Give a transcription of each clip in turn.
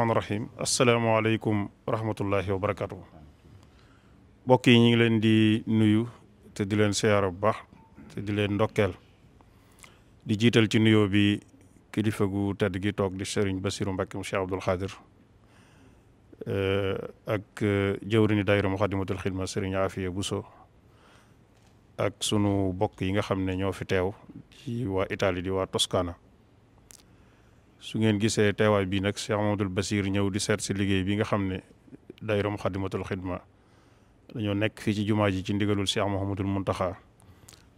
rahmaani rahim asalaamaaleykum wa rahmatullahi barakaatu. mbokk yi ñu ngi leen di nuyu te di leen siyaara bu baax te di leen ndokkel di jiital ci nuyoo bi kilifa gu tedd gi toog di sëriñ Bassirou Mbacké mu Cheikh Abdoul Khadir eh, ak eh, jëwriñu daayira Muxaddamatul Xidma Serigne Afia Bousso ak sunu bokk yi nga xam ne ñoo fi teew ci waa Italie di waa Toscana. su ngeen gisee teewaay bi nag Cheikh Mamadou Bassir ñëw di seet si liggéey bi nga xam ne daayira Muxaddamatul Xidma dañoo nekk fii ci jumaa ji ci ndigalul Cheikh Mouhamadul Muntaxa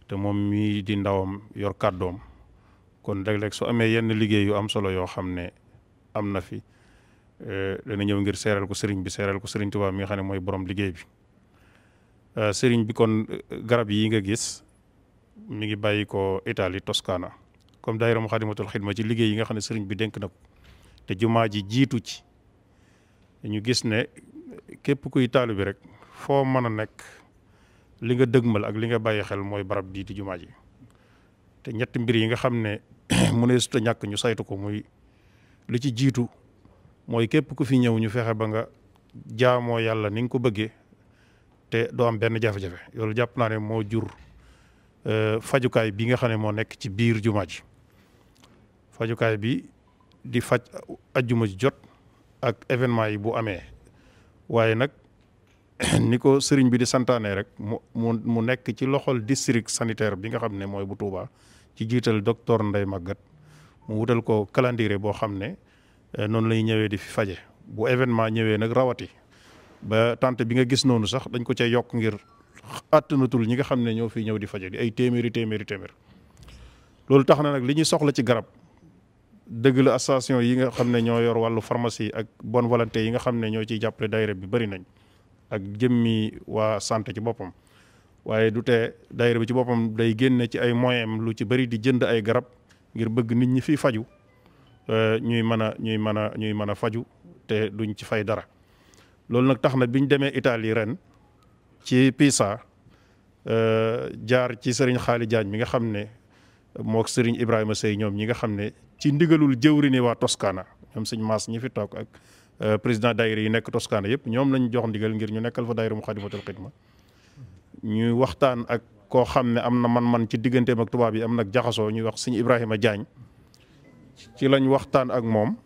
te moom mii di ndawam yor kàddoom kon léeg soo amee yenn liggéey yu am solo yoo xam ne am na fi eh, dana ñëw ngir seeral ko sëriñ bi seeral ko sëriñ Tuubaa mi nga xam ne mooy borom liggéey bi eh, sëriñ bi kon eh, garab yi nga gis mi ngi bàyyi ko Italie Toscana comme daayira Muxaddamatul Xidma ci liggéey yi nga xam ne sëriñ bi dénk na ko te jumaa ji jiitu ci ñu gis ne képp kuy taalu bi rek foo mën a nekk li nga dëgmal ak li nga bàyyi xel mooy barab bii di jumaa ji te ñetti mbir yi nga xam ne mu ne suta ñàkk ñu saytu ko muy lu ci jiitu mooy képp ku fi ñëw ñu fexe ba nga jaamoo yàlla ni nga ko bëggee te doo am benn jafe-jafe loolu jàpp naa ne moo jur euh, fajukaay bi nga xam ne moo nekk ci biir jumaa ji fajukaay bi di faj ajuma ji jot ak événement yi bu amee waaye nag ni ko sëriñ bi di santaanee rek mu mu mu nekk ci loxol district sanitaire bi nga xam ne mooy bu Touba ci jiital docteur Ndeye Maguette mu wutal ko calendrier boo xam ne eh, noonu la ñëwee di fi faje bu événement ñëwee nag rawati ba tante bi nga gis noonu sax dañ ko cay yokk ngir àttanatul ñi nga xam ne ñëw fi ñëw di faje di ay téeméeri téeméeri loolu tax na nag li ñuy soxla ci garab dëgg la association yi nga xam ne ñoo yor wàllu pharmacie ak bonne volonté yi nga xam ne ñoo ciy jàppale daayira bi bëri nañ ak jëmmi waa santé ci boppam waaye du tee daayira bi ci boppam day génne ci ay moyens lu ci bëri di jënd ay garab ngir bëgg nit ñi fi faju euh, ñuy mën a ñuy mën a ñuy mën a faju te duñ ci fay dara loolu nag tax na biñ demee itali ren ci Pisa euh, jaar ci sëriñ Xaali Jaañ mi nga xam ne mook sëriñ Ibrahima Sey ñoom ñi nga xam ne ci ndigalul jëwrini waa toskaana ñoom sëñ Maas ñi fi toog ak euh, président daayira yi nekk toskaana yëpp ñoom lañu jox ndigal ngir ñu nekkal fa daayira Muxaddamatul Xidma ñuy waxtaan ak koo xam ne am na man-man ci digganteem ak tubaab yi nag jaxasoo ñuy wax sëñ Ibrahima Diagne ci lañ waxtaan ak moom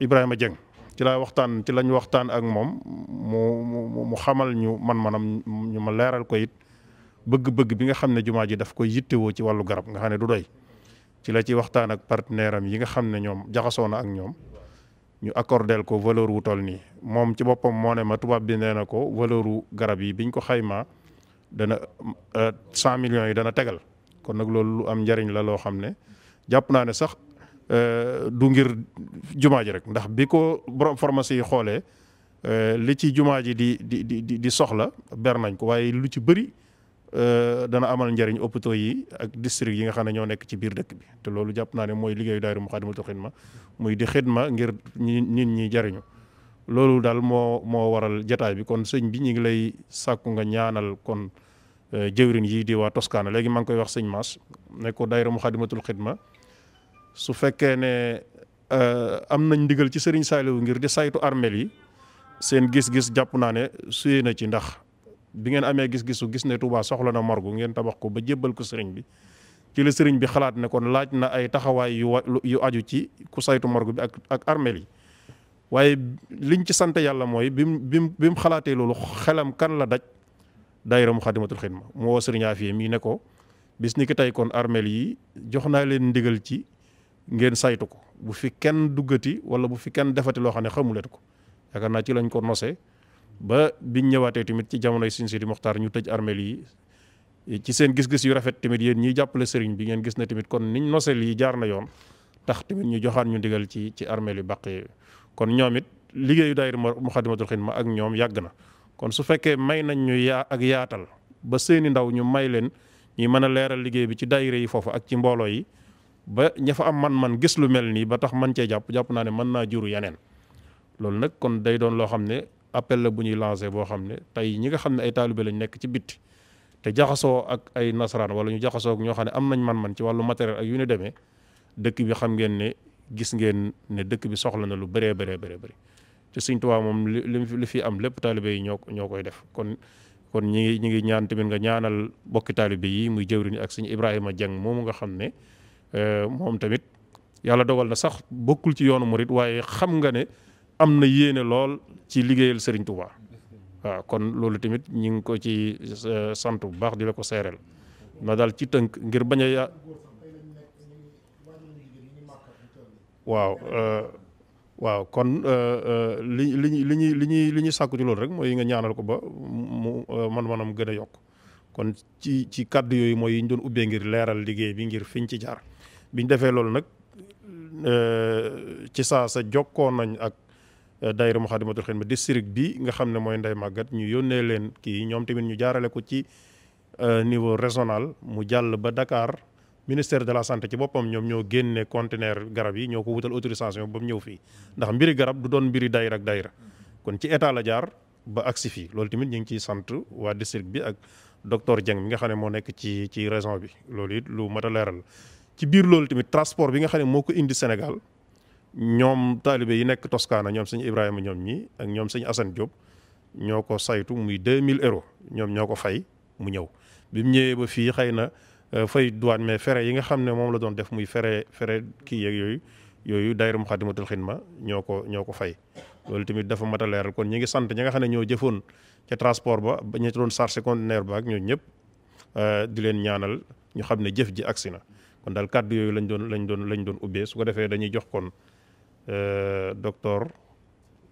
Ibrahima Dieng ci laa waxtaan ci lañ waxtaan ak moom mu mu xamal ñu man-manam ñu ma leeral ko it bëgg-bëgg bi nga xam ne jumaa ji daf koy yittewoo ci wàllu garab nga xam ne du doy ci la ci waxtaan ak partenaire am yi nga xam ne ñoom jaxasoo na ak ñoom ñu accordel ko valeur wu toll nii moom ci boppam moo ne ma tubaab bi nee na ko valeur wu garab yi biñ ko xayma dana euh, cent millions yi dana tegal kon nag loolu lu am njariñ la loo xam ne jàpp naa ne sax euh, du ngir jumaa ji rek ndax bi ko borom pharmacie yi xoolee euh, li ci jumaa ji di di di di soxla ber nañ ko waaye lu ci bëri. Euh, dana amal njariñ hôpitaux yi ak district yi nga xam ne ñoo nekk ci biir dëkk bi te loolu jàpp naa ne mooy liggéeyu daayira Moukhaddamatoul Khidma muy di xidma ngir ñi nit ñi jariñu loolu daal moo moo waral jataay bi kon sëñ bi ñu ngi lay sàkku nga ñaanal kon euh, jëwrin yi di waa Toscana léegi maa ngi koy wax sëñ Mass ne ko daayira Moukhaddamatoul Khidma su fekkee ne euh, am nañ ndigal ci Serigne Saliou ngir di saytu yi seen gis-gis jàpp naa ne suyee na ci ndax bi ngeen amee gis-gisu gis ne Touba soxla na margo ngeen tabax ko ba jébbal ko sëriñ bi ci la sëriñ bi xalaat ne kon laaj na ay taxawaay yu yu aju ci ku saytu margo bi ak ak armeel yi waaye liñ ci sant yàlla mooy bim bim bi mu xalaatee loolu xelam kan la daj daayira mu xadimatul xidma mu woo fi Afia mii ne ko bis ni ki tey kon armeel yi jox naa leen ndigal ci ngeen saytu ko bu fi kenn duggati wala bu fi kenn defati loo xam ne xamuleen ko yaakaar naa ci lañ ko nosee ba biñ ñëwaatee tamit ci jamonoy Sëriñ Sidi Moxtaar ñu tëj armeel yi ci seen gis-gis yu rafet tamit yéen ñiy jàppale sëriñ bi ngeen gis na tamit kon niñ nosel yi jaar na yoon tax tamit ñu joxaan ñu digal ci ci armeel yu bàq kon ñoom it liggéeyu daayira Muxaddamatul ma ak ñoom yàgg na kon su fekkee may nañ ñu yaa ak yaatal ba seeni ndaw ñu may leen ñuy mën a leeral liggéey bi ci daayira yi foofu ak ci mbooloo yi ba ña fa am man-man gis lu mel nii ba tax man cee jàpp jàpp naa ne mën naa juru yeneen loolu xam ne appel la bu ñuy lancé boo xam ne tey ñi nga xam ne ay taalibe lañu nekk ci bitti te jaxasoo ak ay nasaraan wala ñu jaxasoo ak ñoo xam ne am nañ man-man ci wàllu matériel ak yu demee dëkk bi xam ngeen ne gis ngeen ne dëkk bi soxla na lu bëree bëree bëree bëri te Sëñ Tuubaa moom li li fi am lépp taalibe yi ñoo ñoo koy def kon kon ñi ngi ñi ngi ñaan tamit nga ñaanal bokki taalibe yi muy jëwriñ ak Sëñ Ibrahima jang moomu nga xam ne euh, moom tamit yàlla dogal na sax bokkul ci yoonu murit waaye xam nga ne am na yéene lool ci liggéeyal sëriñ Touba waaw kon loolu tamit ñu ngi ko ci euh, sant bu baax di la ko seereel ma daal ci tënk ngir bañ a ya waaw euh, kon euh, li li li ñuy li ñuy li ñuy sàkku ci loolu rek mooy nga ñaanal ko ba mu man manam gën a yokk kon ci ci kàddu yooyu mooy yi ñu doon ubbee ngir leeral liggéey bi ngir fiñ ci jaar biñ defee loolu nag ci saa sa jokkoon nañ ak Euh, daayira Moukhaddamatoul ma district bi nga xam ne mooy nday màggat ñu yónnee leen kii ñoom tamit ñu jaarale ko ci euh, niveau régional mu jàll ba dakaar ministère de la santé ci boppam ñoom ñoo génne conteneur garab yi ñoo ko wutal autorisation ba mu ñëw fii ndax mbiri garab du doon mbiri daayira ak daayira kon ci état la jaar ba agsi fii loolu tamit ñu ngi ciy sant waa district bi ak docteur Dieng mi nga xam ne moo nekk ci ci région bi loolu it lu mat leeral ci biir loolu tamit transport bi nga xam ne moo ko indi Sénégal ñoom taalibe yi nekk Toscana ñoom sëñ Ibrahima ñoom ñi ak ñoom sëñ Assane Diop ñoo ko saytu muy 2000 euros ñoom ñoo ko fay mu ñëw bi mu ñëwee ba fii xëy na euh, fay douane mais fere yi nga xam ne moom la doon def muy fere fere kii yeeg yooyu yooyu daayira Muxaddamatul Xidma ñoo ko ñoo ko fay loolu tamit dafa mat a leeral kon ñi ngi sant ñi nga xam ne ñoo jëfoon ca ba ba ñi doon chargé conteneur ak ñoo ñëpp euh, di leen ñaanal ñu xam ne jëf ji agsi na kon daal kàddu yooyu lañ doon lañ doon lañ doon ubbee su ko defee dañuy jox kon Euh, docteur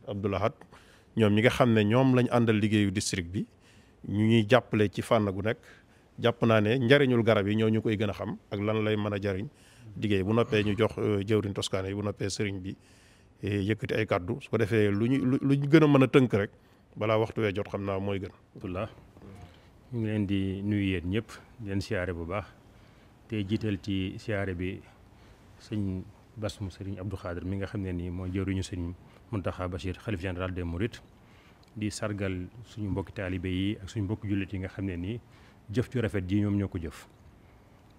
Abdoul Ahad ñoom ñi nga xam ne ñoom lañ àndal liggéeyu district bi ñu ñuy jàppale ci fànnagu gu nekk jàpp naa ne njariñul garab yi ñoo ñu koy gën a xam ak lan lay mën a jariñ liggéey bu noppee ñu jox euh, jëwriñ toskaane yi bu noppee sëriñ bi eh, yëkkati ay kàddu su ko defee lu ñu lu ñu gën a mën a tënk rek balaa waxtu wee jot xam naa mooy gën. Abdullah ñu ngi leen di nuyu yéen ñëpp di leen siyaare bu baax te jiital ci siyaare bi sëñ basum sëriñ Abdou Khadir mi nga xam ne nii moo mooy jëruñu sëriñ Mountakha Bachir xalif général de Mourides di sargal suñu mbokki taalibe yi ak suñu mbokki jullit yi nga xam ne nii jëf ju rafet ji ñoom ñoo ko jëf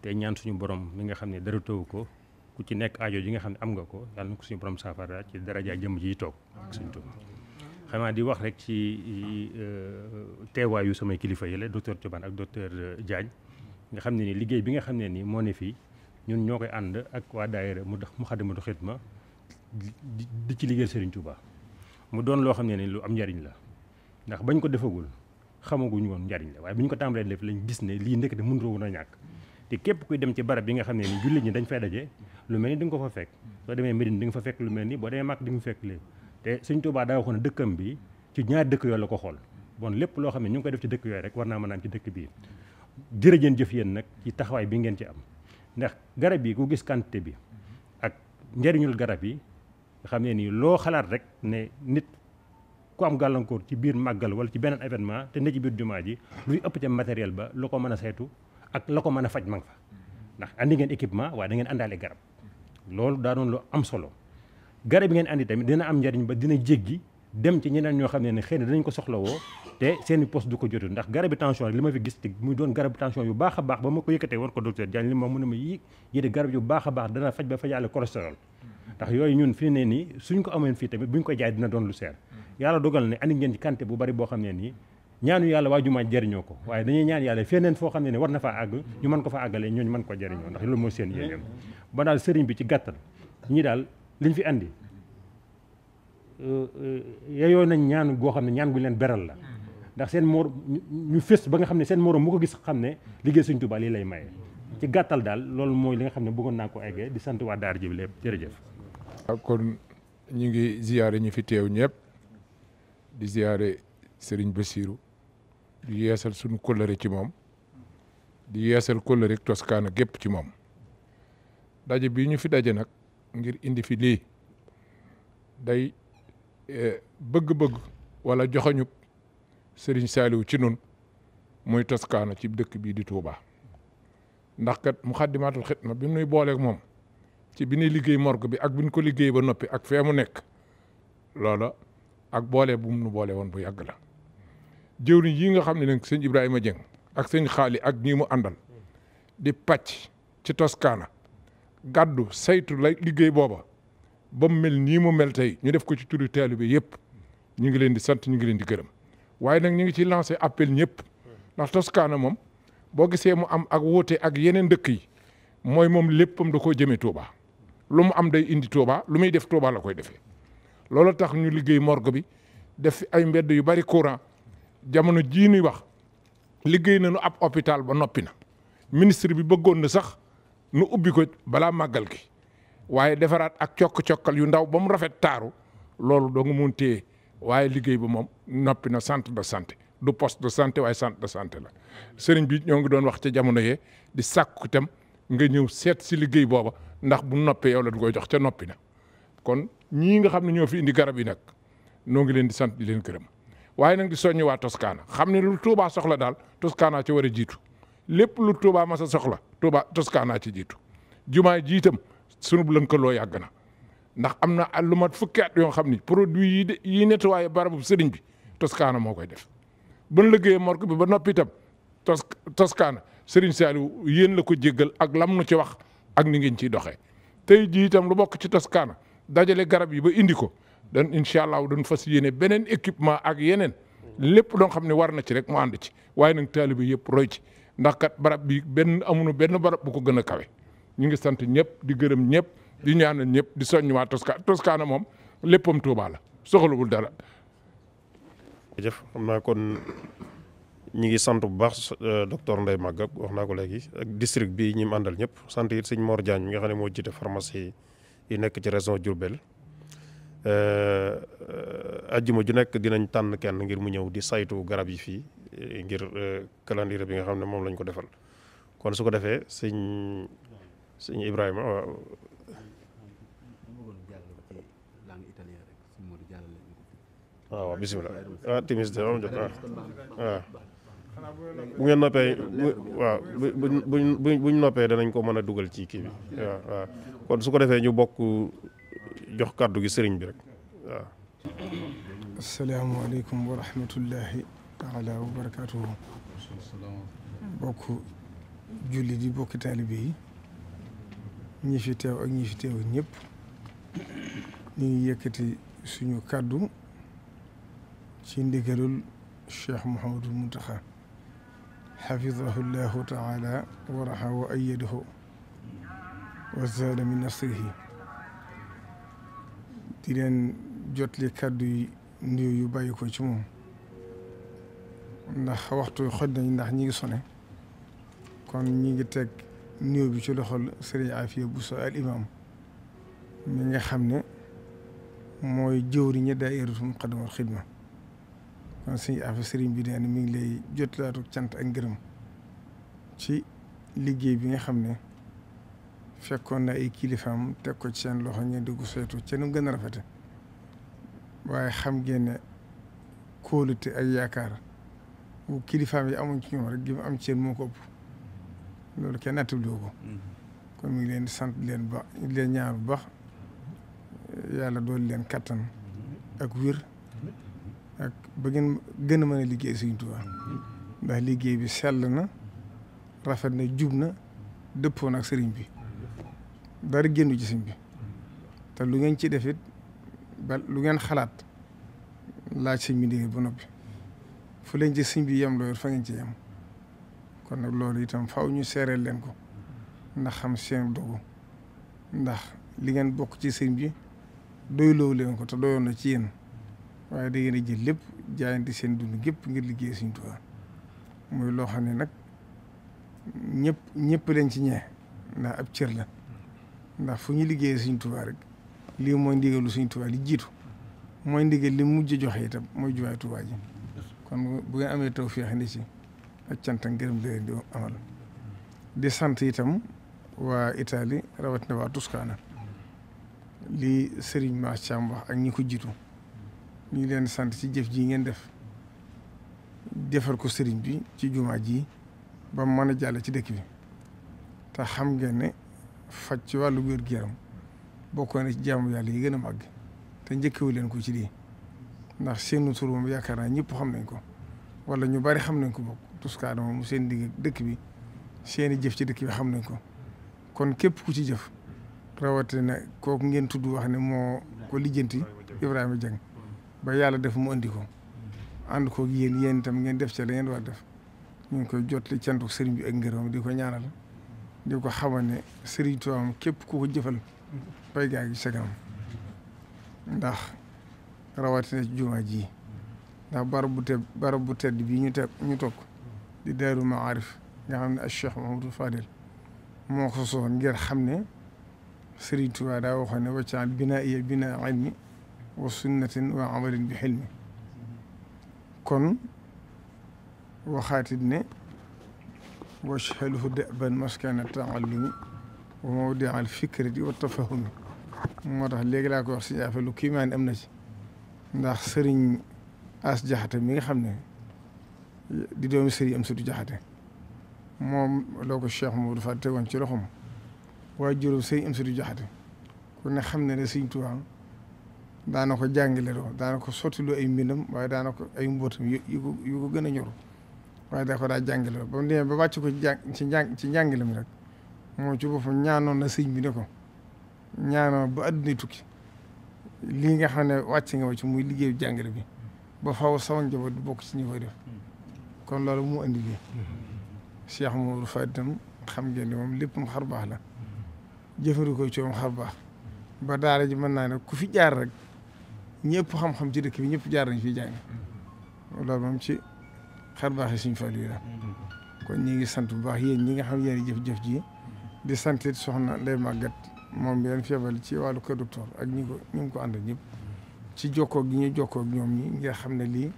te ñaan suñu borom mi nga xam ne dara ko ku ci nekk aajo ji nga xam ne am nga ko yàlla na ko suñu borom saafara ci daraja jëm ji toog ak suñu toog xamaa di wax rek ci euh, teewaayu samay kilifa yi la docteur ak docteur euh, Diagne nga xam ne ni liggéey bi nga xam ne nii moo ne fii ñun ñoo koy ànd ak waa daayira mu tax mu xaddamatu xidma di ci liggéeyal Serigne Touba mu doon loo xam ne ni lu am njariñ la ndax bañ ko defagul xamaguñu woon njariñ la waaye bu ñu ko tàmbalee lépp lañ gis ne lii ndekk te mënutoo woon a ñàkk te képp kuy dem ci barab bi nga xam ne ni jullit ñi dañ fay daje lu mel ni di nga ko fa fekk soo demee Médine di nga fa fekk lu mel ni boo demee Màkk di nga fekk leen te Serigne Touba daa waxoon dëkkam bi ci ñaar dëkk yooyu la ko xool bon lépp loo xam ne ñu ngi koy def ci dëkk yooyu rek war naa mën a am ci dëkk bii jërëjëf yéen nag ci taxawaay bi ngeen ci am ndax garab yi ku gis quantité bi ak njariñul garab yi xam ne nii loo xalaat rek ne nit ku am gàllankoor ci biir màggal wala ci beneen événement te ne ci biir jumaa ji luy ëpp ca matériel ba lu ko mën a saytu ak la ko mën a faj ma fa ndax andi ngeen équipement waaye da ngeen àndaale garab loolu daa doon lu am solo garab yi ngeen andi tamit dina am njëriñ ba dina jéggi dem ci ñeneen ñoo xam ne ne xëy na danañ ko soxlawoo te seeni poste du ko jotul ndax garabi tension rek li ma fi gis te muy doon garabi tension yu baax baax ba ma ko yëkkatee war ko docteur Diagne li ma mën a ma yi yéde garab yu baax a baax dana faj ba fajaale cholestérol ndax yooyu ñun fi ne nii suñ ko amee fii tamit buñ ko jaay dina doon lu seer yàlla dogal ne andi ngeen ci quantité bu bari boo xam ne nii ñaanu yàlla waa jumaa jëriñoo ko waaye dañuy ñaan yàlla feneen foo xam ne ne na faa àgg ñu mën ko fa àggale ñooñu mën ko jëriñoo ndax loolu mooy seen yéeneem ba daal sëriñ bi ci gàttal Euh, euh, yeyoo nañ ñaan goo xam ne ñaan gu leen beral la ndax seen moor ñu fës ba nga xam ne seen morom mu ko gis xam ne liggéey Sëñ Tuubaa lii lay maye ci gàttal daal loolu mooy li nga xam ne bëggoon naa ko eggee di sant waa daara ji bi lépp jërëjëf kon ñu ngi ziyaare ñu fi teew ñëpp di ziyaare Sëriñ Basiiru di yeesal suñu kóllëre ci moom di yeesal kóllëre Toscana gépp ci moom daje bii ñu fi daje nag ngir indi fi lii day bëgg-bëgg wala joxañu sëriñ Saliou ci nun muy toskaana ci dëkk bii di tuubaa ndax kat Muxaddamatul Xidma bi nuy booleeg moom ci bi ñuy liggéey morgo bi ak bi ñu ko liggéey ba noppi ak fee mu nekk loolo ak boole bu mu nu boole woon bu yàgg la jëwriñ yi nga xam ne nag sëñ Ibrahima Dieng ak sëñ Xaali ak ñi mu àndal di pàcc ci toskaana gàddu saytu lay liggéey booba ba mu mel nii mu mel tey ñu def ko ci turu taalibe yëpp ñu ngi leen di sant ñu ngi leen di gërëm waaye nag ñu ngi ci lancé appel ñëpp ndax kaana moom boo gisee mu am ak wuute ak yeneen dëkk yi mooy moom léppam da koo jëmee Touba lu mu am day indi Touba lu muy def Touba la koy defee loolu tax ñu liggéey morgo bi def ay mbedd yu bari courant jamono jii ñuy wax liggéey nañu ab hôpital ba noppi na ministre bi bëggoon na sax nu ubbi ko balaa màggal gi waaye defaraat ak cokk-cokkal yu ndaw ba mu rafet taaru loolu doo nga mun téye waaye liggéey ba moom noppi na centre de santé du poste de waaye centre de santé la sëriñ bi ñoo ngi doon wax ca jamono yee di sàkku tam nga ñëw seet si liggéey booba ndax bu noppee yow la du koy jox ca noppi na kon ñii nga xam ne ñoo fii indi garab yi nag noo ngi leen di sant di leen gërëm waaye nag di soññi waa Toscana xam ne lu Touba soxla daal Toscana ci war a jiitu lépp lu Touba mas soxla Touba Toscana ci jiitu jumaa jiitam sunub lënkaloo yàgg na ndax am na lu mat fukki at yoo xam ni produit yi de yi nettoyé barabu sëriñ bi Toscana moo koy def ban liggéeyee morgue bi ba noppi itam tos Toscana sëriñ Saliou yéen la ko jéggal ak lam ci wax ak ni ngeen ciy doxee tey jii itam lu bokk ci Toscana dajale garab yi ba indi ko dan incha allah dañ fas yéene beneen équipement ak yeneen lépp loo xam ne war na ci rek mu ànd ci waaye nag taalibe yëpp roy ci ndax kat barab bi benn amuñu benn barab bu ko gën a kawe. ñu ngi sant ñëpp di gërëm ñëpp di ñaanal ñëpp di soññ waa Toscana Toscana moom léppam Touba la soxalawul dala jërëjëf xam naa kon ñi ngi sant bu baax euh, docteur Ndeye Maguette wax naa ko léegi ak district bi ñi mu àndal ñëpp sant it sëñ Mor Diagne mi nga xam ne moo jiite pharmacie yi nekk ci région Diourbel. Euh, ajjuma ju nekk dinañ tànn kenn ngir mu ñëw di saytu garab yi fii ngir euh, calendrier bi nga xam ne moom lañ ko defal kon su ko defee sëñ sëñ Ibrahima waaw. waaw waaw bisimilah ah, ah. bu ngeen noppee waaw noppee danañ ko mën a dugal ci kii bi kon su ko defee ñu bokk jox kàddu gi sëriñ bi rek waaw. asalaamaaleykum wa rahmatullahi taala wa barakaatuhu. bokk julli di bokk taalibe yi. ñi fi teew ak ñi fi teew ñëpp ñu yëkkati suñu kàddu ci ndigalul cheikh Mouhamadul Mountakha xafidahu llahu taala waraxa wa ayadahu wa zaada min nasrihi di leen jotli kàddu yi ndiw yu bàyyi ko ci moom ndax waxtu xoj nañ ndax ñi ngi sone kon ñi ngi teg néew bi ci loxol sëriñ Afiya Bousso al imam mi nga xam ne mooy jëwriñu daayiratu Muqaddamatul Xidma kon sëriñ Afiya sëriñ bi nee na mi ngi lay jotlaatu cant ak ngërëm ci liggéey bi nga xam ne fekkoon na ay kilifaam teg ko ci seen loxo ñeen di gu saytu ca nu gën a rafete waaye xam ngeen ne kóolute ak yaakaar bu kilifaam yi amuñ ci ñoom rek li mu am ci seen moo ko ëpp loolu kenn nattabliwu ko kon mi ngi leen sant leen ba leen ñaar bu yàlla dool leen kattan ak wér ak ba ngeen gën a mën liggéey Sëriñ Tuubaa ndax liggéey bi sell na rafet na jub na dëppoon na ak sëriñ bi dara génnu ci sëriñ bi te lu ngeen ci def it lu ngeen xalaat laaj sëriñ bi ndigal ba noppi fu leen ci sëriñ bi yem loolu fa ngeen ci yem kon nag loolu itam faw ñu seereel leen ko ndax xam seen dogu ndax li ngeen bokk ci sëñ bi doyloo leen ko te doyoon na ci yéen da ngeen a jël lépp jaayanti seen dund gépp ngir liggéey Sëñ Tuubaa muy loo xam ne nag ñëpp ñëpp leen ci ñee ndax ab cër la ndax fu ñu liggéeyee Sëñ Tuubaa rek lii mooy ndigalu Sëñ Tuubaa li jiitu mooy ndigal li mujj joxe itam mooy juwaay Tuubaa ji kon bu ngeen amee tawfeex ni ci ak cant ak di leen di amal di sant itam waa Italie rawatina waa tuskaana lii Serigne Mass Thiam wax ak ñi ko jiitu ñu leen sant ci jëf jii ngeen def defar ko sëriñ bi ci jumaa ji ba mën a jàll ci dëkk bi te xam ngeen ne faj ci wàllu wér-gu-yaram bokkoon na ci jaamu yàlla yi gën a màgg te njëkkewu leen ko ci lii ndax seen turu moom yaakaar naa ñëpp xam nañ ko. wala ñu bari xam nañ ko bokk Touska mu seen digg dëkk bi seeni jëf ci dëkk bi xam nañ ko kon képp ku ci jëf rawatina kooku ngeen tudd wax ne moo ko lijjanti Ibrahima Dieng ba yàlla def mu andi ko ànd ko yéen yéen tam ngeen def ca la ngeen war def ñu ngi koy jotli cantuk sëriñ bi ak ngërëm di ko ñaanal di ko xamal ne sëriñ képp ku ko jëfal bay gaa gi sa ndax rawatina ci jumaa ji ndax barab bu te barab ñu te ñu toog di daaru maarif nga xam ne ak Cheikh Mahamadou Fadel moo ko sosoon ngir xam ne Sëriñ Tuubaa daa waxoon ne waccaal binaa iya binaa ilmi wa sunnatin bi xilmi kon waxaatit ne wajxaluhu daban maskana taallumi wa mawdial fikrati wa tafahumi moo tax léegi laa ko wax si lu kiimaan am na ci ndax sëriñ as jaxate mi nga xam ne di doomi sëriñ am sutu jaxate moom loo ko cheikh moom dafa tegoon ci loxoom waaye juróom sëriñ am sutu jaxate ku ne xam ne ne sëriñ Tuubaa ko jàngale loo daana ko sottiloo ay mbindam waaye daana ko ay mbootam yu ko yu ko gën a ñor waaye daa ko daa jàngale loo ba mu demee ba wàcc ko ci jàng ci njàngale mi rek moom ci boppam ñaanoon na sëriñ bi ne ko ñaanoon ba adduna tukki lii nga xam ne wàcc nga ma ci muy liggéeyu jàngale bi ba faw sama njaboot du bokk ci ñi koy def hmm. kon loolu mu andi lii hmm. Cheikh Mamadou Fadi tam xam ngeen ne moom lépp mu xar baax la hmm. jëfandikoo ci moom xar baax ba daara ji mën naa ne ku fi jaar rek ñëpp xam-xam ci dëkk bi ñëpp jaar nañ fi jàng loolu moom ci xar baax suñu fàll yi la ñi ngi sant bu baax yéen ñi nga xam yéen a jëf ji di sant it soxna Ndeye Maguette moom bi leen feebal ci wàllu kër docteur ak ñi ko ñu ngi ko àndal ñëpp ci jokkoo gi ñu jokkoo ñoom ñi nga xam ne lii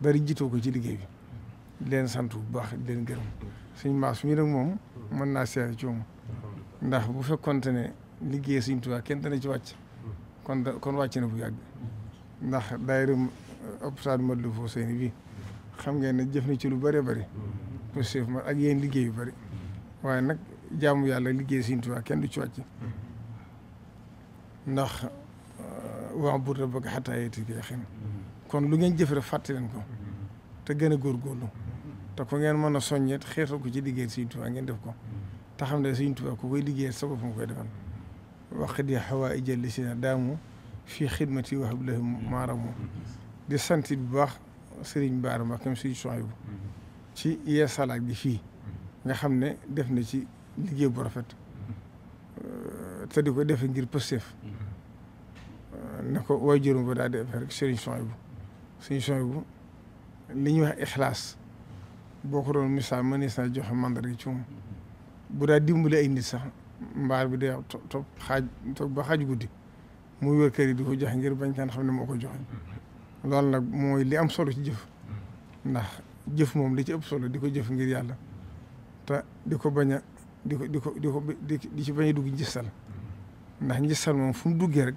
bari jitoo ci liggéey bi leen sant bu baax di leen gërëm suñ maas mi nag moom mën naa seere ci moom ndax bu fekkonte ne liggéey suñ tubaab kenn dana kon kon wàcc na bu yàgg ndax daayira hôpital bi xam ngeen ne jëf na ci lu bëree bëri ak yéen liggéey yu bëri waaye nag jaamu yàlla liggéey suñ kenn du ci wàcc ndax waa waaw buur rabbaka hattaa ya'tiyakal yaqiin kon lu ngeen jëf fàtte leen ko mm-hmm. te gën a góorgóorlu mm-hmm. te ko ngeen mën a soññeet xeetal ko ci liggéeyal Sëriñ Tuubaa ngeen def ko mm-hmm. te xam ne Sëriñ Tuubaa ku koy liggéeyal sa bopp mu koy defal waqdi hawaa'ija llaziina daamu fii xidmati wa hablahum maaramu di sant bu baax Sëriñ Baara Mbakke Sëriñ Suhaybu ci yeesalaak gi fii nga xam ne def na ci liggéey bu rafet te di ko defe ngir pësteef na ko waajurum ba daal di def rek sëriñ Souhaïbou sëriñ Souhaïbou li ñuy wax ixlaas boo ko doon misaal mënees na joxe mandarga ci moom bu daa dimbale ay nit sax mbaar bi day topp xaaj topp ba xaaj guddi muy wër kër yi ko joxe ngir bañ kan xam ne moo ko joxe loolu nag mooy li am solo ci jëf ndax jëf moom li ci ëpp solo di ko jëf ngir yàlla te di ko bañ a di ko di ko di ko di ci bañ a dugg njëstal ndax moom fu mu duggee rek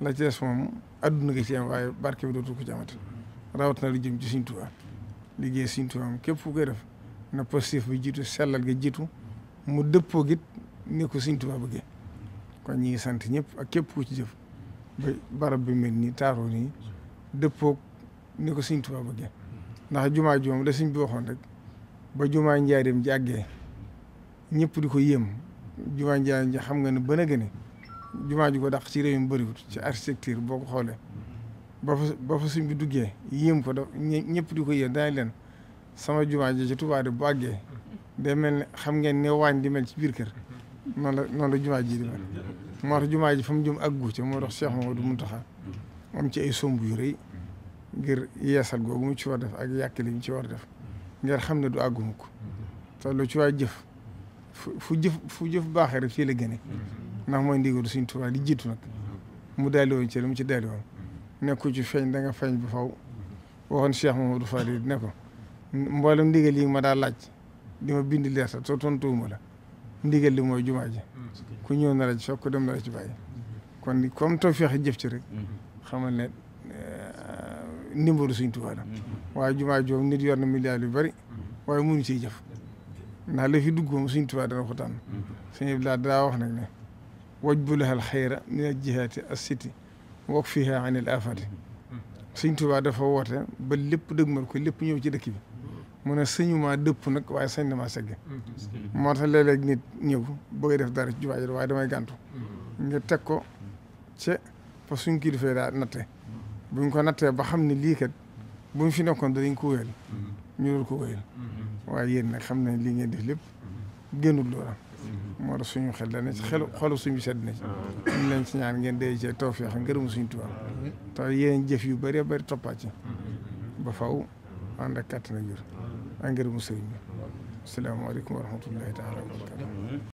la ci des moom adduna gi ci barke bi dootul ko ci amati rawatina lu jëm ci Sëriñ Tuubaa liggéey Sëriñ Tuubaa képp ku koy def na positif bi jiitu sellal ga jiitu mu dëppoo git ni ko Sëriñ Tuubaa bëggee kon ñi ngi sant ñëpp ak képp ci jëf bi mel nii ni ko Sëriñ Tuubaa ndax jumaa ji moom da Sëriñ rek ba jumaa njaareem ji àggee ñëpp di ko yéem jumaa nja ji xam nga ne bën a jumaa ju ko dàq ci réew mi bëriwut ci architecture boo ko xoolee ba fa ba fa suñ bi duggee yéem ko daf ñëpp di ko yéem daañu leen sama jumaa ji ci Tuubaa bu àggee day mel ne xam ngeen ne waañ di mel ci biir kër noonu la noonu la jumaa ji di mel moo tax jumaa ji fa mu jëm àggu ca moo tax Cheikh Mamadou Mountakha am ci ay somb yu ngir yeesal googu mu ci war def ak yàq li mu ci war def ngir xam ne du àggu mukk te lu ci waa jëf fu jëf fu jëf baaxee rek fii la gënee ndax mooy ndi Sëriñ Tuubaa di jiitu nag mu daali woon ci lu mu ci daali woon nekku ci feeñ da nga bu faw waxoon Cheikh Mamadou Fadil ne ko mboolem ndigal yi ma daa laaj bindi ma bind leerta soo tontuwuma la ndigal li mooy jumaa ji ku ñëw na la ci fekk ku dem na la ci bàyyi kon comme too feexe jëf ci rek xamal ne eh, ndimbalu Sëriñ Tuubaa la waaye jumaa joom nit yor na milliards yu bari waaye mënu ciy jëf ndax la fi dugg moom Sëriñ daa wax nag ne wajbu laha al xayra min al jihaati as siti wak fiha an il afati sëñ Tuubaa dafa woote ba lépp dëgmal ko lépp ñëw ci dëkk bi mu sëñu ma dëpp nag waaye sañ na maa segg moo tax léeg nit ñëw bëgg def dara ci jumaa ji waaye damay gàntu nga teg ko ca fa suñ kilifee daa natte buñ ko nattee ba xam ne lii kat buñ fi nekkoon danañ ko wéyal ñu doon ko waaye yéen nag xam nañ lii ngeen def lépp génnul loola moo tax suñu xel dana ci mm. xelu xolu suñu sedd na ci. Ah. ñu leen ci ñaan ngeen dee cee tawfeex ngërëmu suñu Tuubaa. te yéen jëf yu bëree bëri toppaa ci. Mm-hmm. ba faw ànd ak kàttan ak ngërëmu sëriñ bi. asalaamaaleykum wa rahmatullahi taala wa barakaatu.